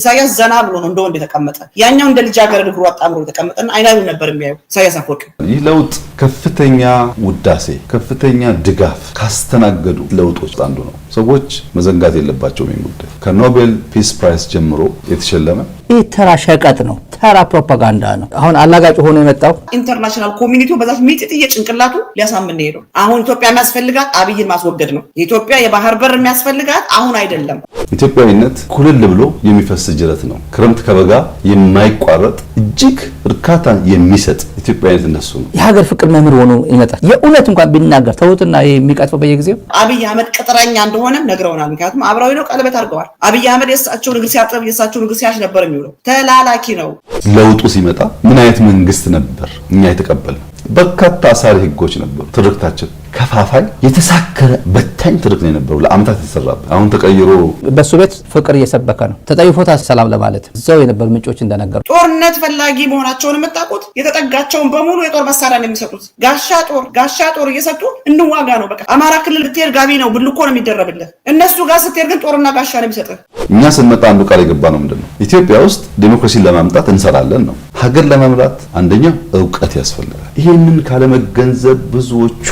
ኢሳያስ ዘና ብሎ ነው እንደ ወንድ የተቀመጠ፣ ያኛው እንደ ልጃገረድ እግሩ አጣምሮ የተቀመጠና አይናዊ ነበር የሚያዩ ኢሳያስ አፈወርቂ። ይህ ለውጥ ከፍተኛ ውዳሴ፣ ከፍተኛ ድጋፍ ካስተናገዱ ለውጦች አንዱ ነው። ሰዎች መዘንጋት የለባቸውም። ይህ ጉዳይ ከኖቤል ፒስ ፕራይስ ጀምሮ የተሸለመ ይህ ተራ ሸቀጥ ነው፣ ተራ ፕሮፓጋንዳ ነው። አሁን አላጋጭ ሆኖ የመጣው ኢንተርናሽናል ኮሚኒቲ በዛ ሚጥጥዬ ጭንቅላቱ ሊያሳምን ሄደው አሁን ኢትዮጵያ የሚያስፈልጋት አብይን ማስወገድ ነው። የኢትዮጵያ የባህር በር የሚያስፈልጋት አሁን አይደለም። ኢትዮጵያዊነት ኩልል ብሎ የሚፈስ ጅረት ነው። ክረምት ከበጋ የማይቋረጥ እጅግ እርካታ የሚሰጥ ኢትዮጵያዊነት እነሱ ነው። የሀገር ፍቅር መምህር ሆኖ ይመጣል። የእውነት እንኳን ቢናገር ተውትና የሚቀጥፈው በየጊዜው አብይ አህመድ ቅጥረኛ እንደ እንደሆነም ነግረውናል። ምክንያቱም አብረዊ ነው፣ ቀለበት አድርገዋል። አብይ አህመድ የእሳቸው እግር ሲያጥረብ የእሳቸው ንግር ሲያሽ ነበር የሚውለው። ተላላኪ ነው። ለውጡ ሲመጣ ምን አይነት መንግስት ነበር እኛ የተቀበልነው? በርካታ አሳሪ ህጎች ነበሩ። ትርክታችን ከፋፋይ የተሳከረ በታኝ ትርክ ነው የነበረው። ለአመታት የተሰራበት አሁን ተቀይሮ በእሱ ቤት ፍቅር እየሰበከ ነው። ተጠይፎታ ሰላም ለማለት እዛው የነበሩ ምንጮች እንደነገሩ ጦርነት ፈላጊ መሆናቸውን የምታውቁት የተጠጋቸውን በሙሉ የጦር መሳሪያ ነው የሚሰጡት። ጋሻ ጦር ጋሻ ጦር እየሰጡ እንዋጋ ነው በቃ። አማራ ክልል ብትሄድ ጋቢ ነው ብልኮ ነው የሚደረብልህ። እነሱ ጋር ስትሄድ ግን ጦርና ጋሻ ነው የሚሰጥህ። እኛ ስንመጣ አንዱ ቃል የገባ ነው ምንድን ነው ኢትዮጵያ ውስጥ ዲሞክራሲን ለማምጣት እንሰራለን ነው። ሀገር ለመምራት አንደኛው እውቀት ያስፈልጋል። ይህንን ካለመገንዘብ ብዙዎቹ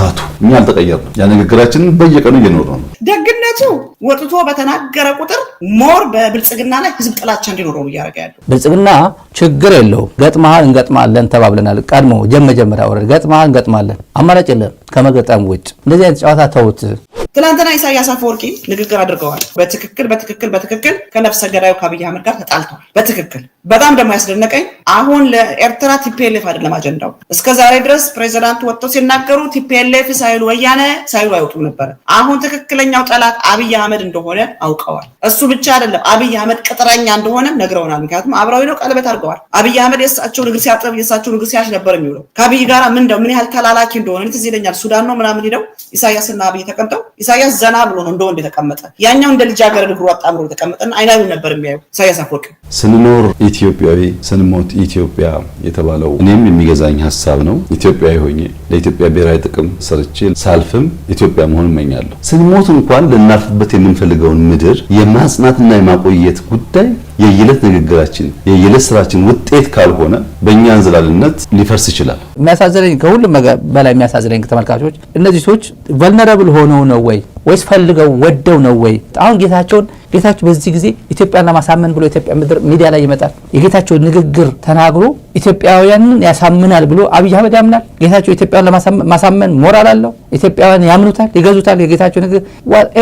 ተሳሳቱ። እኛ አልተቀየርንም። ያ ንግግራችንን በየቀኑ እየኖረ ነው። ደግነቱ ወጥቶ በተናገረ ቁጥር ሞር በብልጽግና ላይ ህዝብ ጥላቻ እንዲኖረው እያደረገ ያለው ብልጽግና ችግር የለውም። ገጥመሃል እንገጥማለን ተባብለናል። ቀድሞ ጀመጀመሪያ ወረድ ገጥመሃል እንገጥማለን አማራጭ የለም ከመገጠም ውጭ እንደዚህ አይነት ጨዋታ ተውት። ትናንትና ኢሳያስ አፈወርቂ ንግግር አድርገዋል። በትክክል በትክክል በትክክል ከነፍሰ ገዳዩ ከአብይ አህመድ ጋር ተጣልተዋል። በትክክል በጣም ደግሞ ያስደነቀኝ አሁን ለኤርትራ ቲፒኤልኤፍ አይደለም አጀንዳው። እስከ ዛሬ ድረስ ፕሬዚዳንቱ ወጥተው ሲናገሩ ቲፒኤልኤፍ ሳይሉ ወያነ ሳይሉ አይወጡም ነበረ። አሁን ትክክለኛው ጠላት አብይ አህመድ እንደሆነ አውቀዋል። እሱ ብቻ አይደለም አብይ አህመድ ቅጥረኛ እንደሆነም ነግረውናል። ምክንያቱም አብረው ነው ቀለበት አድርገዋል። አብይ አህመድ የእሳቸው ንግር ሲያጥብ የእሳቸው ንግር ሲያሽ ነበር የሚውለው ከአብይ ጋር ምንደው ምን ያህል ተላላኪ እንደሆነ ትዝ ይለኛል። ሱዳን ነው ምናምን ሄደው ኢሳያስና አብይ ተቀምጠው ኢሳያስ ዘና ብሎ ነው እንደ ወንድ የተቀመጠ፣ ያኛው እንደ ልጃገረድ እግሩ አጣምሮ የተቀመጠና አይናዊ ነበር የሚያዩ ኢሳያስ አፈወርቂ። ስንኖር ኢትዮጵያዊ ስንሞት ኢትዮጵያ የተባለው እኔም የሚገዛኝ ሀሳብ ነው። ኢትዮጵያዊ ሆኜ ለኢትዮጵያ ብሔራዊ ጥቅም ሰርቼ ሳልፍም ኢትዮጵያ መሆን እመኛለሁ። ስንሞት እንኳን ልናርፍበት የምንፈልገውን ምድር የማጽናትና የማቆየት ጉዳይ የይለት ንግግራችን የየዕለት ስራችን ውጤት ካልሆነ በእኛ እንዝላልነት ሊፈርስ ይችላል። የሚያሳዝነኝ ከሁሉም በላይ የሚያሳዝነኝ ተመልካቾች፣ እነዚህ ሰዎች ቨልነረብል ሆነው ነው ወይስ ፈልገው ወደው ነው ወይ? አሁን ጌታቸውን ጌታቸው በዚህ ጊዜ ኢትዮጵያና ማሳመን ብሎ ኢትዮጵያ ምድር ሚዲያ ላይ ይመጣል። የጌታቸው ንግግር ተናግሮ ኢትዮጵያውያንን ያሳምናል ብሎ አብይ አህመድ ያምናል። ጌታቸው ኢትዮጵያን ማሳመን ሞራል አለው። ኢትዮጵያውያን ያምኑታል፣ ይገዙታል። የጌታቸው ንግግር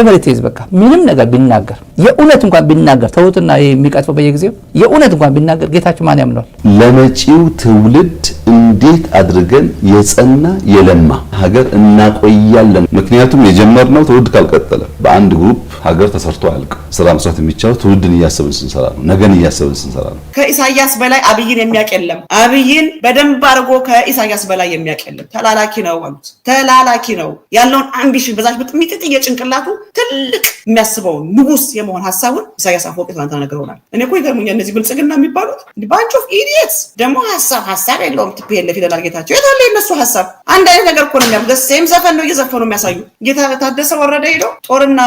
ኤቨሪቴዝ በቃ ምንም ነገር ቢናገር የእውነት እንኳን ቢናገር ተውትና የሚቀጥፈው በየጊዜው የእውነት እንኳን ቢናገር ጌታቸው ማን ያምነዋል? ለመጪው ትውልድ እንዴት አድርገን የጸና የለማ ሀገር እናቆያለን? ምክንያቱም የጀመርነው ትውልድ ካልቀጠለ በአንድ ግሩፕ ሀገር ተሰርቶ አያልቅም። ስራ መስራት የሚቻለው ትውልድን እያሰብን ስንሰራ ነው። ነገን እያሰብን ስንሰራ ነው። ከኢሳያስ በላይ አብይን የሚያውቅ የለም። አብይን በደንብ አድርጎ ከኢሳያስ በላይ የሚያውቅ የለም። ተላላኪ ነው አሉት። ተላላኪ ነው ያለውን አምቢሽን በዛች ብጥሚጥጥ የጭንቅላቱ ትልቅ የሚያስበውን ንጉስ የመሆን ሀሳቡን ኢሳያስ አፈወርቂ ትናንትና ነግረውናል። እኔ እኮ ይገርሙኛል እነዚህ ብልጽግና የሚባሉት ባንች ኦፍ ኢዲየትስ ደግሞ ሀሳብ ሀሳብ የለውም። ትፔለፍ ፊደላል ጌታቸው። የታለ የነሱ ሀሳብ አንድ አይነት ነገር እኮ ነው የሚያደርጉት። ሴም ዘፈን ነው እየዘፈኑ የሚያሳዩ። ጌታ ታደሰ ወረደ ሄደው ጦርና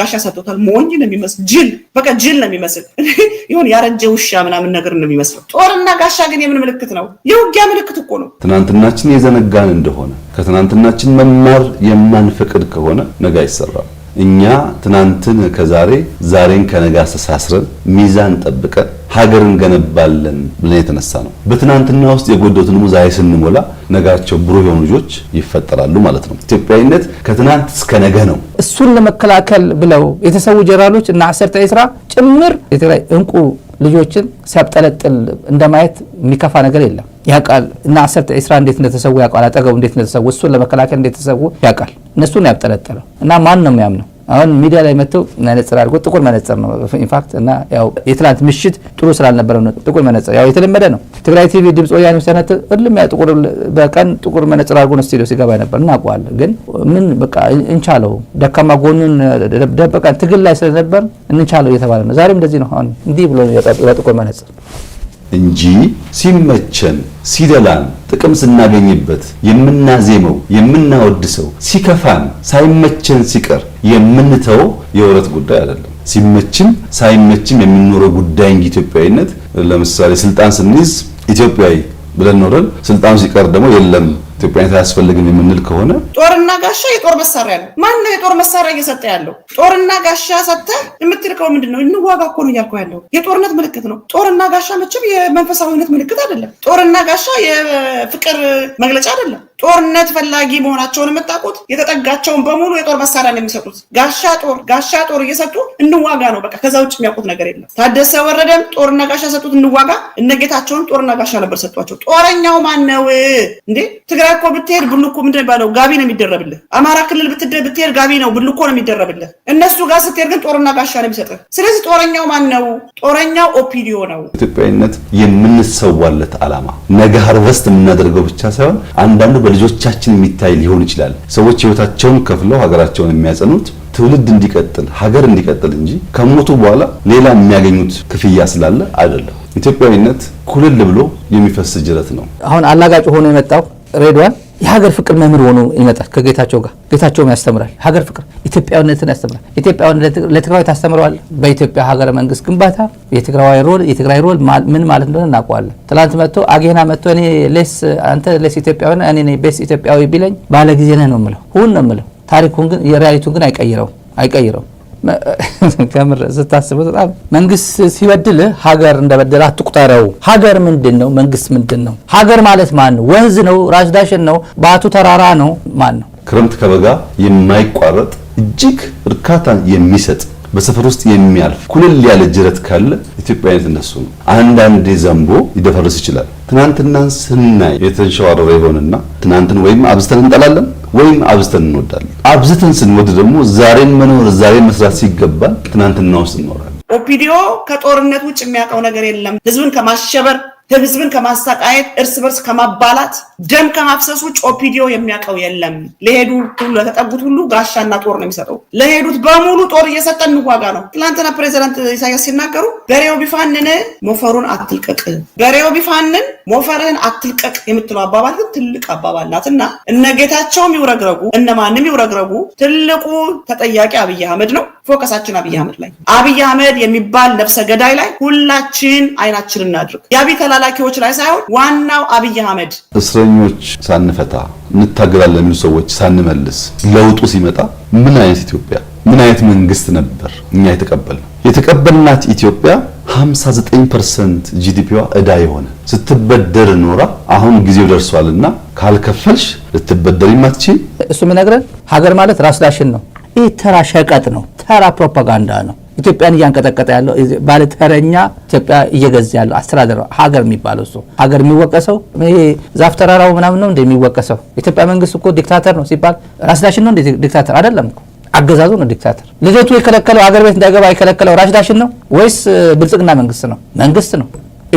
ጋሻ ሰጥቶታል። ሞኝ ነው የሚመስል ጅል፣ በቃ ጅል ነው የሚመስል ይሁን ያረጀ ውሻ ምናምን ነገር ነው የሚመስለው። ጦርና ጋሻ ግን የምን ምልክት ነው? የውጊያ ምልክት እኮ ነው። ትናንትናችን የዘነጋን እንደሆነ ከትናንትናችን መማር የማንፈቅድ ከሆነ ነገ አይሰራም። እኛ ትናንትን ከዛሬ ዛሬን ከነገ አስተሳስረን ሚዛን ጠብቀን ሀገርን ገነባለን ብለን የተነሳ ነው። በትናንትና ውስጥ የጎደሉትን ዛሬ ስንሞላ ነጋቸው ብሩህ የሆኑ ልጆች ይፈጠራሉ ማለት ነው። ኢትዮጵያዊነት ከትናንት እስከ ነገ ነው። እሱን ለመከላከል ብለው የተሰዉ ጀራሎች እና አሰርተ ኤርትራ ጭምር የትግራይ እንቁ ልጆችን ሲያብጠለጥል እንደማየት የሚከፋ ነገር የለም። ያውቃል እና አሰርተ ኤስራ እንዴት እንደተሰዉ ያውቃል። አጠገቡ እንዴት እንደተሰዉ እሱን ለመከላከል እንዴት እንደተሰዉ ያውቃል። እነሱን ያብጠለጠለው እና ማን ነው የሚያምነው? አሁን ሚዲያ ላይ መጥተው መነጽር አድርጎ ጥቁር መነጽር ነው ኢንፋክት እና ያው የትላንት ምሽት ጥሩ ስላልነበረ ነው ጥቁር መነጽር ያው የተለመደ ነው። ትግራይ ቲቪ ድምፅ ወያኔ ሲያነት እልም ያ ጥቁር በቀን ጥቁር መነጽር አድርጎ ነው ስቱዲዮ ሲገባ ነበር እናውቀዋለን። ግን ምን በቃ እንቻለው ደካማ ጎኑን ደበቀ። ትግል ላይ ስለነበር እንቻለው እየተባለ ነው። ዛሬም እንደዚህ ነው። አሁን እንዲህ ብሎ ጥቁር መነጽር እንጂ ሲመቸን ሲደላን ጥቅም ስናገኝበት የምናዜመው የምናወድሰው ሲከፋን ሳይመቸን ሲቀር የምንተው የውረት ጉዳይ አይደለም። ሲመችም ሳይመችም የምንኖረው ጉዳይ እንጂ ኢትዮጵያዊነት ለምሳሌ ስልጣን ስንይዝ ኢትዮጵያዊ ብለን ኖረን ስልጣኑ ሲቀር ደግሞ የለም ኢትዮጵያ አያስፈልግም የምንል ከሆነ ጦርና ጋሻ የጦር መሳሪያ ነው። ማን ነው የጦር መሳሪያ እየሰጠ ያለው? ጦርና ጋሻ ሰጥተህ የምትልከው ምንድን ነው? እንዋጋ እኮ ነው ያለው የጦርነት ምልክት ነው። ጦርና ጋሻ መቼም የመንፈሳዊነት ምልክት አይደለም። ጦርና ጋሻ የፍቅር መግለጫ አይደለም። ጦርነት ፈላጊ መሆናቸውን የምታውቁት የተጠጋቸውን በሙሉ የጦር መሳሪያ ነው የሚሰጡት። ጋሻ ጦር ጋሻ ጦር እየሰጡ እንዋጋ ነው በቃ። ከዛ ውጭ የሚያውቁት ነገር የለም። ታደሰ ወረደም ጦርና ጋሻ ሰጡት እንዋጋ። እነጌታቸውን ጦርና ጋሻ ነበር ሰጧቸው። ጦረኛው ነው እንዴ? ትግራይ እኮ ብትሄድ ብልኮ ምንድን የሚባለው? ጋቢ ነው የሚደረብልህ። አማራ ክልል ብትሄድ ጋቢ ነው ብልኮ ነው የሚደረብልህ። እነሱ ጋር ስትሄድ ግን ጦርና ጋሻ ነው የሚሰጥህ። ስለዚህ ጦረኛው ነው? ጦረኛው ኦፒዲዮ ነው። ኢትዮጵያዊነት የምንሰዋለት አላማ ነገ ሀርቨስት የምናደርገው ብቻ ሳይሆን አንዳንዱ በልጆቻችን የሚታይ ሊሆን ይችላል። ሰዎች ህይወታቸውን ከፍለው ሀገራቸውን የሚያጸኑት ትውልድ እንዲቀጥል ሀገር እንዲቀጥል እንጂ ከሞቱ በኋላ ሌላ የሚያገኙት ክፍያ ስላለ አይደለም። ኢትዮጵያዊነት ኩልል ብሎ የሚፈስ ጅረት ነው። አሁን አላጋጭ ሆኖ የመጣው ሬድዋን የሀገር ፍቅር መምህር ሆኖ ይመጣል ከጌታቸው ጋር። ጌታቸውም ያስተምራል ሀገር ፍቅር፣ ኢትዮጵያዊነትን ያስተምራል። ኢትዮጵያዊነት ለትግራዊ ታስተምረዋል። በኢትዮጵያ ሀገረ መንግስት ግንባታ የትግራዊ ሮል የትግራይ ሮል ምን ማለት እንደሆነ እናውቀዋለን። ትላንት መጥቶ አጌና መጥቶ እኔ ሌስ አንተ ሌስ ኢትዮጵያዊ እኔ ቤስ ኢትዮጵያዊ ቢለኝ ባለ ጊዜ ነህ ነው ምለው ሁን ነው ምለው። ታሪኩን ግን የሪያሊቱን ግን አይቀይረውም አይቀይረውም። ከምር ስታስቡት በጣም መንግስት ሲበድልህ ሀገር እንደበደለ አትቁጠረው። ሀገር ምንድን ነው? መንግስት ምንድን ነው? ሀገር ማለት ማን ነው? ወንዝ ነው? ራስ ዳሽን ነው? ባቱ ተራራ ነው? ማን ነው? ክረምት ከበጋ የማይቋረጥ እጅግ እርካታ የሚሰጥ በሰፈር ውስጥ የሚያልፍ ኩልል ያለ ጅረት ካለ ኢትዮጵያዊነት እነሱ ነው። አንዳንዴ ዘንቦ ሊደፈርስ ይችላል። ትናንትናን ስናይ የተንሸዋረረ ይሆንና ትናንትን ወይም አብዝተን እንጠላለን ወይም አብዝተን እንወዳለን። አብዝተን ስንወድ ደግሞ ዛሬን መኖር ዛሬን መስራት ሲገባል ትናንትና ውስጥ እንኖራለን። ኦፒዲዮ ከጦርነት ውጭ የሚያውቀው ነገር የለም። ህዝብን ከማሸበር ህዝብን ከማስተቃየት፣ እርስ በርስ ከማባላት፣ ደም ከማፍሰስ ውጭ ኦፒዲዮ የሚያውቀው የለም። ለሄዱ ለተጠጉት ሁሉ ጋሻና ጦር ነው የሚሰጠው። ለሄዱት በሙሉ ጦር እየሰጠ እንዋጋ ነው። ትላንትና ፕሬዚዳንት ኢሳያስ ሲናገሩ በሬው ቢፋንን ሞፈሩን አትልቀቅ፣ በሬው ቢፋንን ሞፈርህን አትልቀቅ የምትለው አባባል ግን ትልቅ አባባል ናት እና እነ ጌታቸውም ይውረግረጉ እነ ማንም ይውረግረጉ ትልቁ ተጠያቂ አብይ አህመድ ነው። ፎከሳችን አብይ አህመድ ላይ አብይ አህመድ የሚባል ነፍሰ ገዳይ ላይ ሁላችን አይናችንን እናድርግ። ተላላኪዎች ላይ ሳይሆን ዋናው አብይ አህመድ እስረኞች ሳንፈታ እንታገላለን የሚሉ ሰዎች ሳንመልስ ለውጡ ሲመጣ ምን አይነት ኢትዮጵያ ምን አይነት መንግስት ነበር እኛ የተቀበልነው? የተቀበልናት ኢትዮጵያ 59% ጂዲፒዋ እዳ የሆነ ስትበደር ኖራ አሁን ጊዜው ደርሷልና ካልከፈልሽ ልትበደሪ ማትችል። እሱ ምን ነግረን ሀገር ማለት ራስ ዳሽን ነው። ይህ ተራ ሸቀጥ ነው። ተራ ፕሮፓጋንዳ ነው። ኢትዮጵያን እያንቀጠቀጠ ያለው ባለተረኛ ኢትዮጵያ እየገዛ ያለው አስተዳደር ሀገር የሚባለው እሱ ሀገር የሚወቀሰው ይሄ ዛፍ ተራራው ምናምን ነው የሚወቀሰው። ኢትዮጵያ መንግስት እኮ ዲክታተር ነው ሲባል ራሽዳሽን ነው እንደ ዲክታተር አይደለም እኮ አገዛዙ ነው ዲክታተር። ልደቱ የከለከለው ሀገር ቤት እንዳይገባ የከለከለው ራሽዳሽን ነው ወይስ ብልጽግና መንግስት ነው? መንግስት ነው።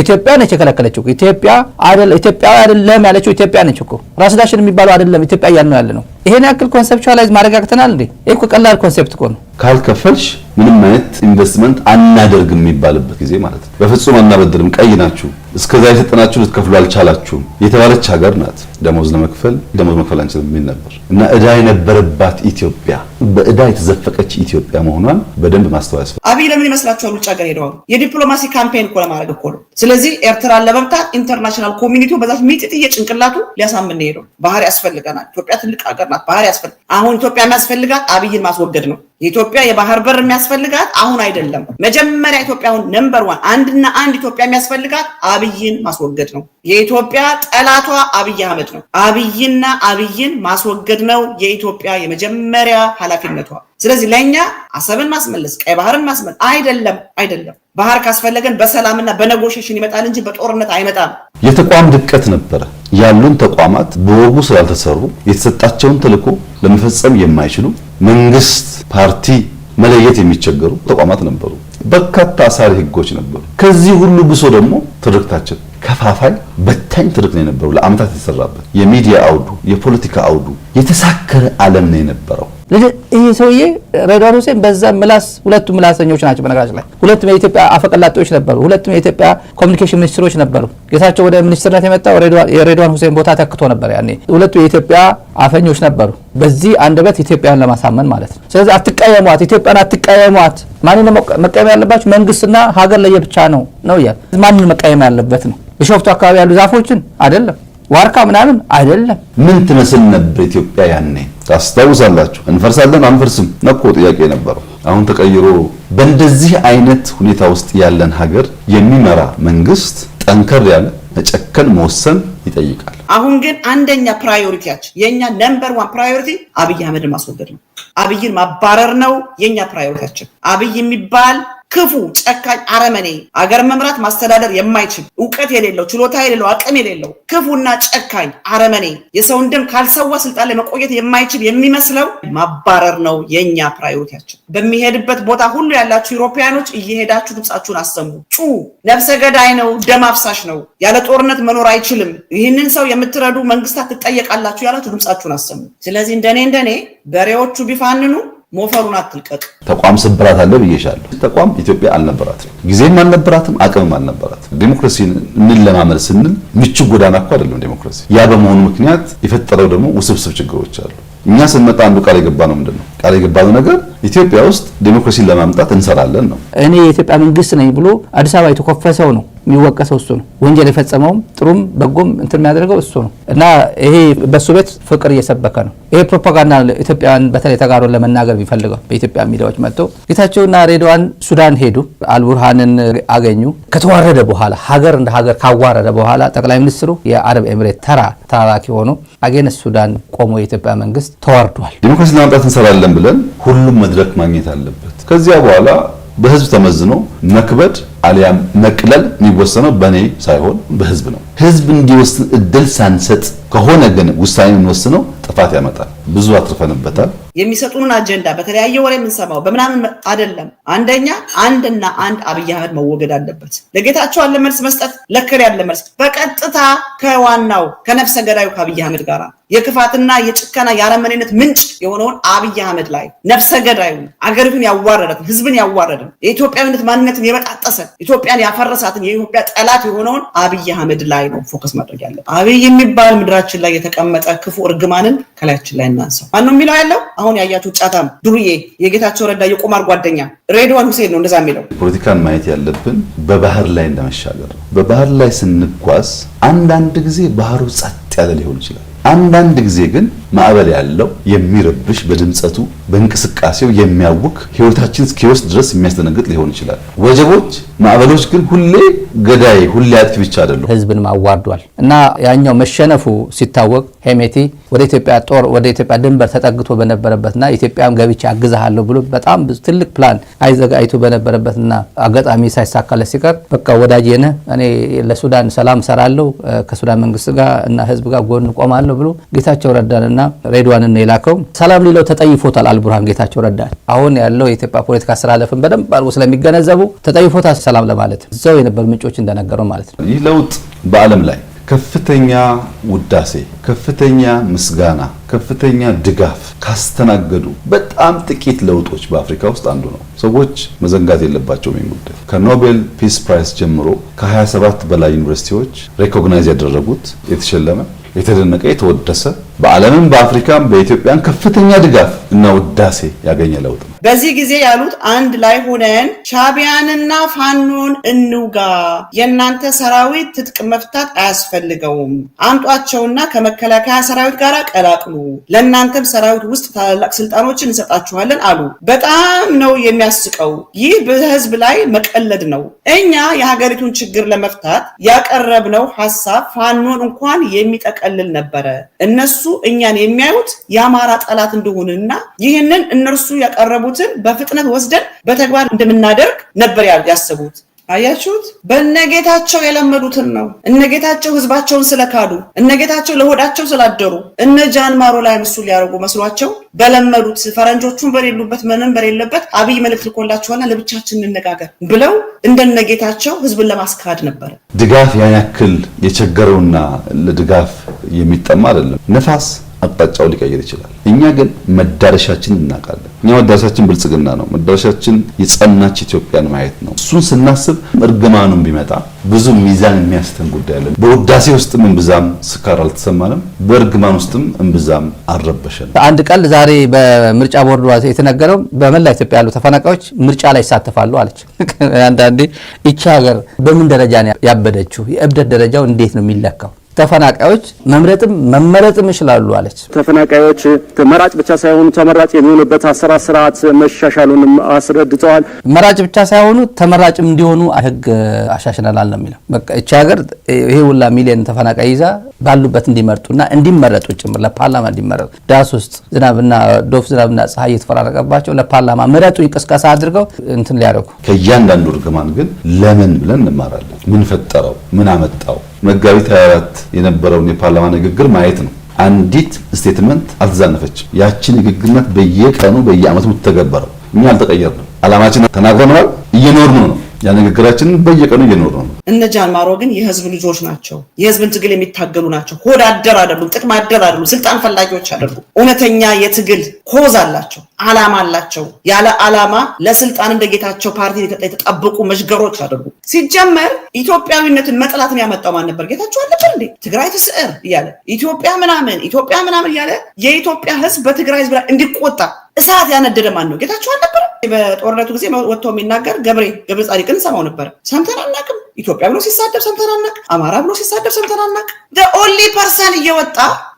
ኢትዮጵያ ነች የከለከለችው። ኢትዮጵያ አይደል ኢትዮጵያ አይደለም ያለችው ኢትዮጵያ ነች እኮ ራስ ዳሽን የሚባለው አይደለም ኢትዮጵያ እያልን ነው ያለ ነው። ይሄን ያክል ኮንሴፕቹዋላይዝ ማረጋግተናል እንዴ? ይሄ እኮ ቀላል ኮንሴፕት እኮ ነው። ካልከፈልሽ ምንም አይነት ኢንቨስትመንት አናደርግም የሚባልበት ጊዜ ማለት ነው። በፍጹም አናበድርም፣ ቀይ ናችሁ እስከዛ የሰጠናችሁ ልትከፍሉ አልቻላችሁም የተባለች ሀገር ናት። ደሞዝ ለመክፈል ደሞዝ መክፈል አንችልም የሚል ነበር እና እዳ የነበረባት ኢትዮጵያ በእዳ የተዘፈቀች ኢትዮጵያ መሆኗን በደንብ ማስተዋል ያስፈልጋል። አብይ ለምን ይመስላችኋል? ውጭ ሀገር ሄደዋል። የዲፕሎማሲ ካምፔን እኮ ለማድረግ እኮ ነው። ስለዚህ ኤርትራን ለመምታት ኢንተርናሽናል ኮሚኒቲ በዛች ሚጢጥዬ ጭንቅላቱ ሊያሳምን ሄደው ባህር ያስፈልገናል። ኢትዮጵያ ትልቅ ሀገር ናት። ባህር ያስፈልግ አሁን ኢትዮጵያ የሚያስፈልጋት አብይን ማስወገድ ነው። የኢትዮጵያ የባህር በር የሚያስፈልጋት አሁን አይደለም። መጀመሪያ ኢትዮጵያ አሁን ነምበር ዋን አንድና አንድ ኢትዮጵያ የሚያስፈልጋት አብይን ማስወገድ ነው። የኢትዮጵያ ጠላቷ አብይ አህመድ ነው። አብይና አብይን ማስወገድ ነው የኢትዮጵያ የመጀመሪያ ኃላፊነቷ። ስለዚህ ለእኛ አሰብን ማስመለስ ቀይ ባህርን ማስመለስ አይደለም አይደለም። ባህር ካስፈለገን በሰላምና በነጎሽሽን ይመጣል እንጂ በጦርነት አይመጣም። የተቋም ድቀት ነበረ። ያሉን ተቋማት በወጉ ስላልተሰሩ የተሰጣቸውን ተልዕኮ ለመፈጸም የማይችሉ መንግስት፣ ፓርቲ መለየት የሚቸገሩ ተቋማት ነበሩ። በርካታ አሳሪ ህጎች ነበሩ። ከዚህ ሁሉ ብሶ ደግሞ ትርክታችን ከፋፋይ በታኝ ትርክ ነው የነበረው። ለአመታት የተሰራበት የሚዲያ አውዱ፣ የፖለቲካ አውዱ የተሳከረ ዓለም ነው የነበረው። ይህ ሰውዬ ረዳት ሁሴን በዛ ምላስ ሁለቱ ምላሰኞች ናቸው። በነገራችን ላይ ሁለቱም የኢትዮጵያ አፈቀላጤዎች ነበሩ። ሁለቱም የኢትዮጵያ ኮሚኒኬሽን ሚኒስትሮች ነበሩ። ጌታቸው ወደ ሚኒስትርነት የመጣው የሬድዋን ሁሴን ቦታ ተክቶ ነበር። ያኔ ሁለቱ የኢትዮጵያ አፈኞች ነበሩ። በዚህ አንደበት ኢትዮጵያን ለማሳመን ማለት ነው። ስለዚህ አትቀየሟት፣ ኢትዮጵያን አትቀየሟት። ማንን መቀየም ያለባቸው? መንግስትና ሀገር ለየብቻ ነው ነው እያል ማንን መቀየም ያለበት ነው? ቢሾፍቱ አካባቢ ያሉ ዛፎችን አይደለም፣ ዋርካ ምናምን አይደለም። ምን ትመስል ነበር ኢትዮጵያ ያኔ? ታስታውሳላችሁ። እንፈርሳለን አንፈርስም ነኮ ጥያቄ የነበረው አሁን ተቀይሮ በእንደዚህ አይነት ሁኔታ ውስጥ ያለን ሀገር የሚመራ መንግስት ጠንከር ያለ መጨከን መወሰን ይጠይቃል። አሁን ግን አንደኛ ፕራዮሪቲያችን የእኛ ነምበር ዋን ፕራዮሪቲ አብይ አህመድን ማስወገድ ነው። አብይን ማባረር ነው የእኛ ፕራዮሪቲያችን። አብይ የሚባል ክፉ፣ ጨካኝ፣ አረመኔ አገር መምራት ማስተዳደር የማይችል እውቀት የሌለው ችሎታ የሌለው አቅም የሌለው ክፉና ጨካኝ አረመኔ የሰውን ደም ካልሰዋ ስልጣን ላይ መቆየት የማይችል የሚመስለው ማባረር ነው የኛ ፕራዮሪቲያችን። በሚሄድበት ቦታ ሁሉ ያላችሁ ኢሮፓያኖች እየሄዳችሁ ድምፃችሁን አሰሙ፣ ጩ ነፍሰ ገዳይ ነው፣ ደም አፍሳሽ ነው፣ ያለ ጦርነት መኖር አይችልም፣ ይህንን ሰው የምትረዱ መንግስታት ትጠየቃላችሁ ያላችሁ ድምፃችሁን አሰሙ። ስለዚህ እንደኔ እንደኔ በሬዎቹ ቢፋንኑ ሞፈሩን አትልቀቅ። ተቋም ስብራት አለ ብዬሻለሁ። ተቋም ኢትዮጵያ አልነበራትም፣ ጊዜም አልነበራትም፣ አቅምም አልነበራትም። ዴሞክራሲን እንለማመድ ስንል ምቹ ጎዳና እኮ አይደለም ዴሞክራሲ። ያ በመሆኑ ምክንያት የፈጠረው ደግሞ ውስብስብ ችግሮች አሉ። እኛ ስንመጣ አንዱ ቃል የገባ ነው። ምንድን ነው ቃል የገባነው ነገር ኢትዮጵያ ውስጥ ዴሞክራሲን ለማምጣት እንሰራለን ነው። እኔ የኢትዮጵያ መንግስት ነኝ ብሎ አዲስ አበባ የተኮፈሰው ነው የሚወቀሰው እሱ ነው። ወንጀል የፈጸመውም ጥሩም በጎም እንትን የሚያደርገው እሱ ነው እና ይሄ በእሱ ቤት ፍቅር እየሰበከ ነው። ይሄ ፕሮፓጋንዳ ኢትዮጵያን በተለይ ተጋሮን ለመናገር የሚፈልገው በኢትዮጵያ ሚዲያዎች መጥቶ ጌታቸውና ሬድዋን ሱዳን ሄዱ፣ አልቡርሃንን አገኙ። ከተዋረደ በኋላ ሀገር እንደ ሀገር ካዋረደ በኋላ ጠቅላይ ሚኒስትሩ የአረብ ኤምሬት ተራ ተላላኪ ሆኖ አጌነስ ሱዳን ቆሞ የኢትዮጵያ መንግስት ተዋርዷል። ዲሞክራሲ ለማምጣት እንሰራለን ብለን ሁሉም መድረክ ማግኘት አለበት። ከዚያ በኋላ በህዝብ ተመዝኖ መክበድ አሊያም መቅለል የሚወሰነው በእኔ ሳይሆን በህዝብ ነው። ህዝብ እንዲወስን እድል ሳንሰጥ ከሆነ ግን ውሳኔ የምንወስነው ጥፋት ያመጣል። ብዙ አትርፈንበታል። የሚሰጡንን አጀንዳ በተለያየ ወሬ የምንሰማው በምናምን አይደለም። አንደኛ አንድና አንድ አብይ አህመድ መወገድ አለበት። ለጌታቸው አለ መልስ መስጠት ለክር ያለ መልስ በቀጥታ ከዋናው ከነፍሰ ገዳዩ ከአብይ አህመድ ጋር የክፋትና የጭከና የአረመኔነት ምንጭ የሆነውን አብይ አህመድ ላይ ነፍሰ ገዳዩን አገሪቱን ያዋረዳትን ህዝብን ያዋረድን የኢትዮጵያዊነት ማንነትን የበጣጠሰ ኢትዮጵያን ያፈረሳትን የኢትዮጵያ ጠላት የሆነውን አብይ አህመድ ላይ ነው ፎከስ ማድረግ ያለ አብይ የሚባል ምድራችን ላይ የተቀመጠ ክፉ እርግማንን በደንብ ከላያችን ላይ እናንሳው። ማነው የሚለው ያለው አሁን ያያችሁ ጫታም ዱርዬ የጌታቸው ረዳ የቁማር ጓደኛ ሬድዋን ሁሴን ነው እንደዛ የሚለው። ፖለቲካን ማየት ያለብን በባህር ላይ እንደመሻገር ነው። በባህር ላይ ስንጓዝ አንዳንድ ጊዜ ባህሩ ጸጥ ያለ ሊሆን ይችላል። አንዳንድ ጊዜ ግን ማዕበል ያለው የሚረብሽ በድምጸቱ በእንቅስቃሴው የሚያውክ ህይወታችን እስኪወስድ ድረስ የሚያስደነግጥ ሊሆን ይችላል። ወጀቦች፣ ማዕበሎች ግን ሁሌ ገዳይ፣ ሁሌ አጥፊ ብቻ አይደሉም። ህዝብን ማዋርዷል እና ያኛው መሸነፉ ሲታወቅ ሄሜቲ ወደ ኢትዮጵያ ጦር ወደ ኢትዮጵያ ድንበር ተጠግቶ በነበረበትና ኢትዮጵያም ገብቼ አግዛሃለሁ ብሎ በጣም ትልቅ ፕላን አይዘጋጅቶ በነበረበትና አጋጣሚ ሳይሳካለ ሲቀር በቃ ወዳጅ ነህ እኔ ለሱዳን ሰላም ሰራለሁ ከሱዳን መንግስት ጋር እና ህዝብ ጋር ጎን ቆማለሁ ብሎ ጌታቸው ረዳን እና ሬድዋንን የላከው ሰላም ሊለው ተጠይፎታል። አልቡርሃን ጌታቸው ረዳ አሁን ያለው የኢትዮጵያ ፖለቲካ አስተላለፍን በደንብ አድርጎ ስለሚገነዘቡ ተጠይፎታል። ሰላም ለማለት እዛው የነበር ምንጮች እንደነገሩ ማለት ነው። ይህ ለውጥ በዓለም ላይ ከፍተኛ ውዳሴ፣ ከፍተኛ ምስጋና ከፍተኛ ድጋፍ ካስተናገዱ በጣም ጥቂት ለውጦች በአፍሪካ ውስጥ አንዱ ነው። ሰዎች መዘንጋት የለባቸውም ይህን ጉዳይ። ከኖቤል ፒስ ፕራይስ ጀምሮ ከ27 በላይ ዩኒቨርሲቲዎች ሬኮግናይዝ ያደረጉት የተሸለመ የተደነቀ የተወደሰ በዓለምም በአፍሪካም በኢትዮጵያን ከፍተኛ ድጋፍ እና ውዳሴ ያገኘ ለውጥ ነው። በዚህ ጊዜ ያሉት አንድ ላይ ሆነን ሻቢያንና ፋኖን እንውጋ፣ የእናንተ ሰራዊት ትጥቅ መፍታት አያስፈልገውም፣ አምጧቸውና ከመከላከያ ሰራዊት ጋር ቀላቅሉ ለእናንተም ሰራዊት ውስጥ ታላላቅ ስልጣኖችን እንሰጣችኋለን አሉ። በጣም ነው የሚያስቀው። ይህ በህዝብ ላይ መቀለድ ነው። እኛ የሀገሪቱን ችግር ለመፍታት ያቀረብነው ሀሳብ ፋኖን እንኳን የሚጠቀልል ነበረ። እነሱ እኛን የሚያዩት የአማራ ጠላት እንደሆንና ይህንን እነርሱ ያቀረቡትን በፍጥነት ወስደን በተግባር እንደምናደርግ ነበር ያሰቡት። አያችሁት? በነጌታቸው የለመዱትን ነው። እነጌታቸው ህዝባቸውን ስለካዱ፣ እነጌታቸው ለሆዳቸው ስላደሩ እነ ጃን ማሮ ላይ ምሱ ሊያደርጉ መስሏቸው በለመዱት ፈረንጆቹን በሌሉበት ምንም በሌለበት አብይ መልእክት ልኮላችኋልና ለብቻችን እንነጋገር ብለው እንደነጌታቸው ህዝብን ለማስካድ ነበረ። ድጋፍ ያን ያክል የቸገረውና ለድጋፍ የሚጠማ አይደለም። ነፋስ አቅጣጫው ሊቀይር ይችላል። እኛ ግን መዳረሻችን እናውቃለን። እኛ መዳረሻችን ብልጽግና ነው። መዳረሻችን የጸናች ኢትዮጵያን ማየት ነው። እሱን ስናስብ እርግማኑን ቢመጣ ብዙ ሚዛን የሚያስተን ጉዳይ አለ። በውዳሴ ውስጥም እምብዛም ስካር አልተሰማንም፣ በእርግማን ውስጥም እምብዛም አልረበሸንም። አንድ ቀን ዛሬ በምርጫ ቦርዱ የተነገረው በመላ ኢትዮጵያ ያሉ ተፈናቃዮች ምርጫ ላይ ይሳተፋሉ አለች። አንዳንዴ ይቺ ሀገር በምን ደረጃ ነው ያበደችው? የእብደት ደረጃው እንዴት ነው የሚለካው? ተፈናቃዮች መምረጥም መመረጥም ይችላሉ አለች። ተፈናቃዮች መራጭ ብቻ ሳይሆኑ ተመራጭ የሚሆኑበት አሰራር ስርዓት መሻሻሉንም አስረድተዋል። መራጭ ብቻ ሳይሆኑ ተመራጭም እንዲሆኑ ህግ አሻሽናል አለ የሚለው በቃ እቺ ሀገር ይሄ ሁላ ሚሊዮን ተፈናቃይ ይዛ ባሉበት እንዲመርጡና እንዲመረጡ ጭምር ለፓርላማ እንዲመረጡ ዳስ ውስጥ ዝናብና ዶፍ ዝናብና ፀሐይ እየተፈራረቀባቸው ለፓርላማ ምረጡ ቅስቀሳ አድርገው እንትን ሊያደርጉ ከእያንዳንዱ እርግማን ግን ለምን ብለን እንማራለን። ምን ፈጠረው? ምን አመጣው? መጋቢት 24 የነበረውን የፓርላማ ንግግር ማየት ነው። አንዲት ስቴትመንት አልተዛነፈችም። ያቺ ንግግርናት በየቀኑ በየአመቱ የምትተገበረው እኛ አልተቀየርንም። አላማችን ተናግረናል፣ እየኖርን ነው ያ ንግግራችን በየቀኑ እየኖር ነው። እነ ጃልማሮ ግን የህዝብ ልጆች ናቸው። የህዝብን ትግል የሚታገሉ ናቸው። ሆድ አደር አይደሉም። ጥቅም አደር አይደሉም። ስልጣን ፈላጊዎች አይደሉም። እውነተኛ የትግል ኮዝ አላቸው፣ አላማ አላቸው። ያለ አላማ ለስልጣን እንደ ጌታቸው ፓርቲ የተጠበቁ መዥገሮች አደሉ። ሲጀመር ኢትዮጵያዊነትን መጥላትን ያመጣው ማን ነበር? ጌታቸው አልነበር እንዴ? ትግራይ ትስዕር እያለ ኢትዮጵያ ምናምን ኢትዮጵያ ምናምን እያለ የኢትዮጵያ ህዝብ በትግራይ ህዝብ ላይ እንዲቆጣ እሳት ያነደደ ማን ነው? ጌታቸው አልነበረም? በጦርነቱ ጊዜ ወጥቶ የሚናገር ገብሬ ገብረ ጻድቅን ሰማው ነበር። ሰምተን አናቅም። ኢትዮጵያ ብሎ ሲሳደብ ሰምተን አናቅ። አማራ ብሎ ሲሳደብ ሰምተን አናቅ። ኦንሊ ፐርሰን እየወጣ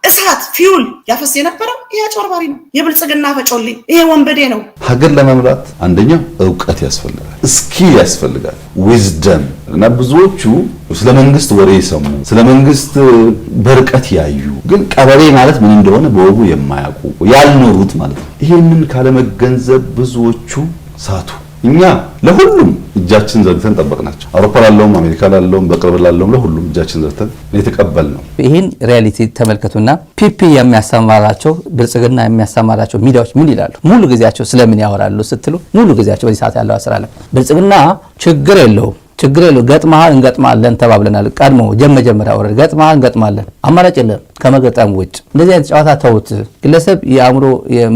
እሳት ፊውል ያፈስ የነበረው ይህ አጭበርባሪ ነው። የብልጽግና ፈጮልኝ ይሄ ወንበዴ ነው። ሀገር ለመምራት አንደኛው እውቀት ያስፈልጋል፣ እስኪ ያስፈልጋል፣ ዊዝደም እና ብዙዎቹ ስለ መንግስት ወሬ ይሰሙ፣ ስለ መንግስት በርቀት ያዩ፣ ግን ቀበሌ ማለት ምን እንደሆነ በወጉ የማያውቁ ያልኖሩት ማለት ነው። ይህንን ካለመገንዘብ ብዙዎቹ ሳቱ። እኛ ለሁሉም እጃችን ዘርግተን ጠበቅናቸው። አውሮፓ ላለውም፣ አሜሪካ ላለውም፣ በቅርብ ላለውም ለሁሉም እጃችን ዘርግተን የተቀበል ነው። ይህን ሪያሊቲ ተመልከቱና ፒፒ የሚያሰማራቸው ብልጽግና የሚያሰማራቸው ሚዲያዎች ምን ይላሉ? ሙሉ ጊዜያቸው ስለምን ያወራሉ ስትሉ ሙሉ ጊዜያቸው በዚህ ሰዓት ያለው አስራለም ብልጽግና ችግር የለውም ችግር የለው ገጥመሃል እንገጥማለን ተባብለናል። ቀድሞ ጀመጀመሪያ ወረድ ገጥመሃል እንገጥማለን፣ አማራጭ የለም ከመገጠም ውጭ። እንደዚህ አይነት ጨዋታ ተውት። ግለሰብ የአእምሮ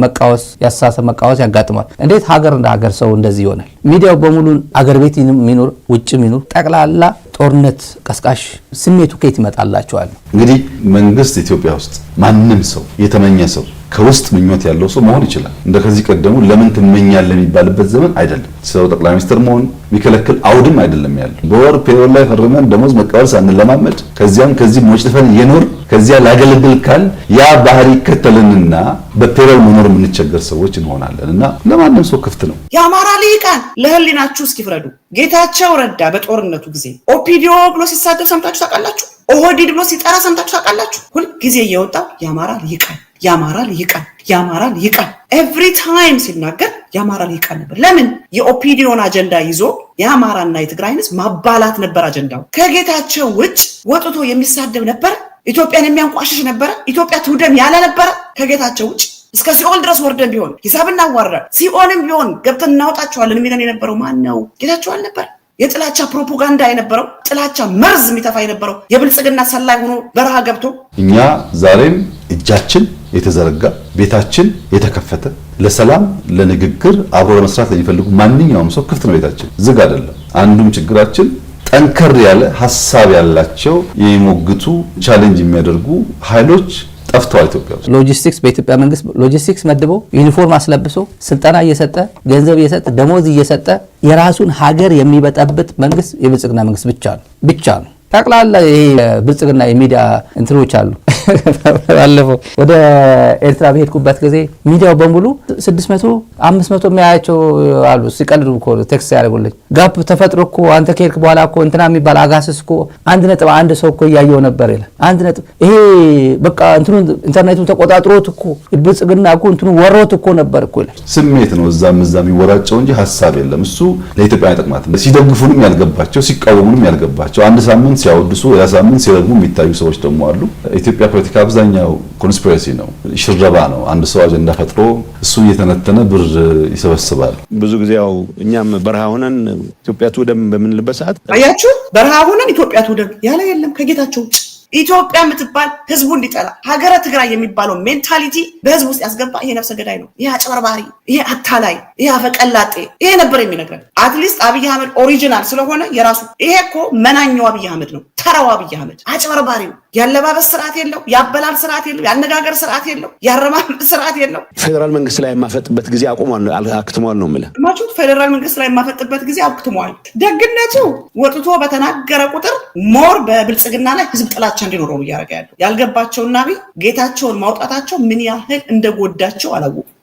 መቃወስ የአስተሳሰብ መቃወስ ያጋጥማል። እንዴት ሀገር እንደ ሀገር ሰው እንደዚህ ይሆናል? ሚዲያው በሙሉ አገር ቤት የሚኖር ውጭ የሚኖር ጠቅላላ ጦርነት ቀስቃሽ ስሜቱ ከየት ይመጣላቸዋል? እንግዲህ መንግስት ኢትዮጵያ ውስጥ ማንም ሰው የተመኘ ሰው ከውስጥ ምኞት ያለው ሰው መሆን ይችላል። እንደ ከዚህ ቀደሙ ለምን ትመኛለህ የሚባልበት ዘመን አይደለም። ሰው ጠቅላይ ሚኒስትር መሆን የሚከለክል አውድም አይደለም ያለው። በወር ፔሮል ላይ ፈርመን ደሞዝ መቀበል ሳንለማመድ ከዚያም ከዚህ ሞጭጥፈን የኖር ከዚያ ላገለግል ካል ያ ባህሪ ይከተልንና በፔሮል መኖር የምንቸገር ሰዎች እንሆናለን እና ለማንም ሰው ክፍት ነው። የአማራ ልሂቃን ለህሊናችሁ እስኪፍረዱ ጌታቸው ረዳ በጦርነቱ ጊዜ ኦፒዲዮ ብሎ ሲሳደብ ሰምታችሁ ታውቃላችሁ? ኦህዴድ ብሎ ሲጠራ ሰምታችሁ ታውቃላችሁ? ሁልጊዜ እየወጣው የአማራ ይቃል፣ የአማራ ይቃል፣ የአማራ ይቃል ኤቭሪ ታይም ሲናገር የአማራ ይቃል ነበር። ለምን የኦፒኒዮን አጀንዳ ይዞ የአማራና የትግራይ ህዝብ ማባላት ነበር አጀንዳው። ከጌታቸው ውጭ ወጥቶ የሚሳደብ ነበር። ኢትዮጵያን የሚያንቋሽሽ ነበረ። ኢትዮጵያ ትውደም ያለ ነበረ ከጌታቸው ውጭ እስከ ሲኦል ድረስ ወርደን ቢሆን ሂሳብ እናዋርዳል፣ ሲኦልም ቢሆን ገብተን እናወጣቸዋለን የሚለን የነበረው ማን ነው? ጌታቸው አልነበር። የጥላቻ ፕሮፓጋንዳ የነበረው ጥላቻ መርዝ የሚተፋ የነበረው የብልጽግና ሰላይ ሆኖ በረሃ ገብቶ እኛ ዛሬም እጃችን የተዘረጋ ቤታችን የተከፈተ ለሰላም ለንግግር አብሮ ለመስራት ለሚፈልጉ ማንኛውም ሰው ክፍት ነው ቤታችን ዝግ አይደለም አንዱም ችግራችን ጠንከር ያለ ሀሳብ ያላቸው የሚሞግቱ ቻሌንጅ የሚያደርጉ ኃይሎች ጠፍቷል። ኢትዮጵያ ውስጥ ሎጂስቲክስ በኢትዮጵያ መንግስት ሎጂስቲክስ መድቦ ዩኒፎርም አስለብሶ ስልጠና እየሰጠ ገንዘብ እየሰጠ ደሞዝ እየሰጠ የራሱን ሀገር የሚበጠብጥ መንግስት የብልጽግና መንግስት ብቻ ነው ብቻ ነው። ጠቅላላ ይሄ ብልጽግና የሚዲያ እንትኖች አሉ ባለፈው ወደ ኤርትራ በሄድኩበት ጊዜ ሚዲያው በሙሉ ስድስት መቶ አምስት መቶ የሚያያቸው አሉ ሲቀልዱ እኮ ቴክስት ያደርጉልኝ። ጋፕ ተፈጥሮ እኮ አንተ ከሄድክ በኋላ እኮ እንትና የሚባል አጋስስ እኮ አንድ ነጥብ አንድ ሰው እኮ እያየው ነበር ይላል። አንድ ነጥብ ይሄ በቃ እንትኑ ኢንተርኔቱን ተቆጣጥሮት እኮ ብልጽግና እኮ እንትኑ ወሮት እኮ ነበር እኮ ይላል። ስሜት ነው እዛም እዛ የሚወራጨው እንጂ ሀሳብ የለም። እሱ ለኢትዮጵያ አይጠቅማት። ሲደግፉንም ያልገባቸው ሲቃወሙንም ያልገባቸው አንድ ሳምንት ሲያወድሱ ሌላ ሳምንት ሲረግሙ የሚታዩ ሰዎች ደግሞ አሉ ኢትዮጵያ ፖለቲካ አብዛኛው ኮንስፒሬሲ ነው፣ ሽረባ ነው። አንድ ሰው አጀንዳ ፈጥሮ እሱ እየተነተነ ብር ይሰበስባል። ብዙ ጊዜ ያው እኛም በረሃ ሆነን ኢትዮጵያ ትውደም በምንልበት ሰዓት አያችሁ፣ በረሃ ሆነን ኢትዮጵያ ትውደም ያለ የለም ከጌታቸው ውጭ ኢትዮጵያ የምትባል ህዝቡ እንዲጠላ ሀገረ ትግራይ የሚባለው ሜንታሊቲ በህዝብ ውስጥ ያስገባ ይሄ ነፍሰ ገዳይ ነው፣ ይሄ አጭበርባሪ፣ ይሄ አታላይ፣ ይሄ አፈቀላጤ ይሄ ነበር የሚነግረን። አትሊስት አብይ አህመድ ኦሪጂናል ስለሆነ የራሱ ይሄ እኮ መናኛው አብይ አህመድ ነው፣ ተራው አብይ አህመድ አጭበርባሪ ነው። ያለባበስ ስርዓት የለው፣ ያበላል ስርዓት የለው፣ ያነጋገር ስርዓት የለው፣ ያረማመድ ስርዓት የለው። ፌዴራል መንግስት ላይ የማፈጥበት ጊዜ አቁሟል፣ አክትሟል ነው የምልህ ማችሁት። ፌዴራል መንግስት ላይ የማፈጥበት ጊዜ አክትሟል። ደግነቱ ወጥቶ በተናገረ ቁጥር ሞር በብልጽግና ላይ ህዝብ ጥላቸው እንዲኖረው እያደረገ ያለው ያልገባቸውና ቤ ጌታቸውን ማውጣታቸው ምን ያህል እንደጎዳቸው አላወቁም።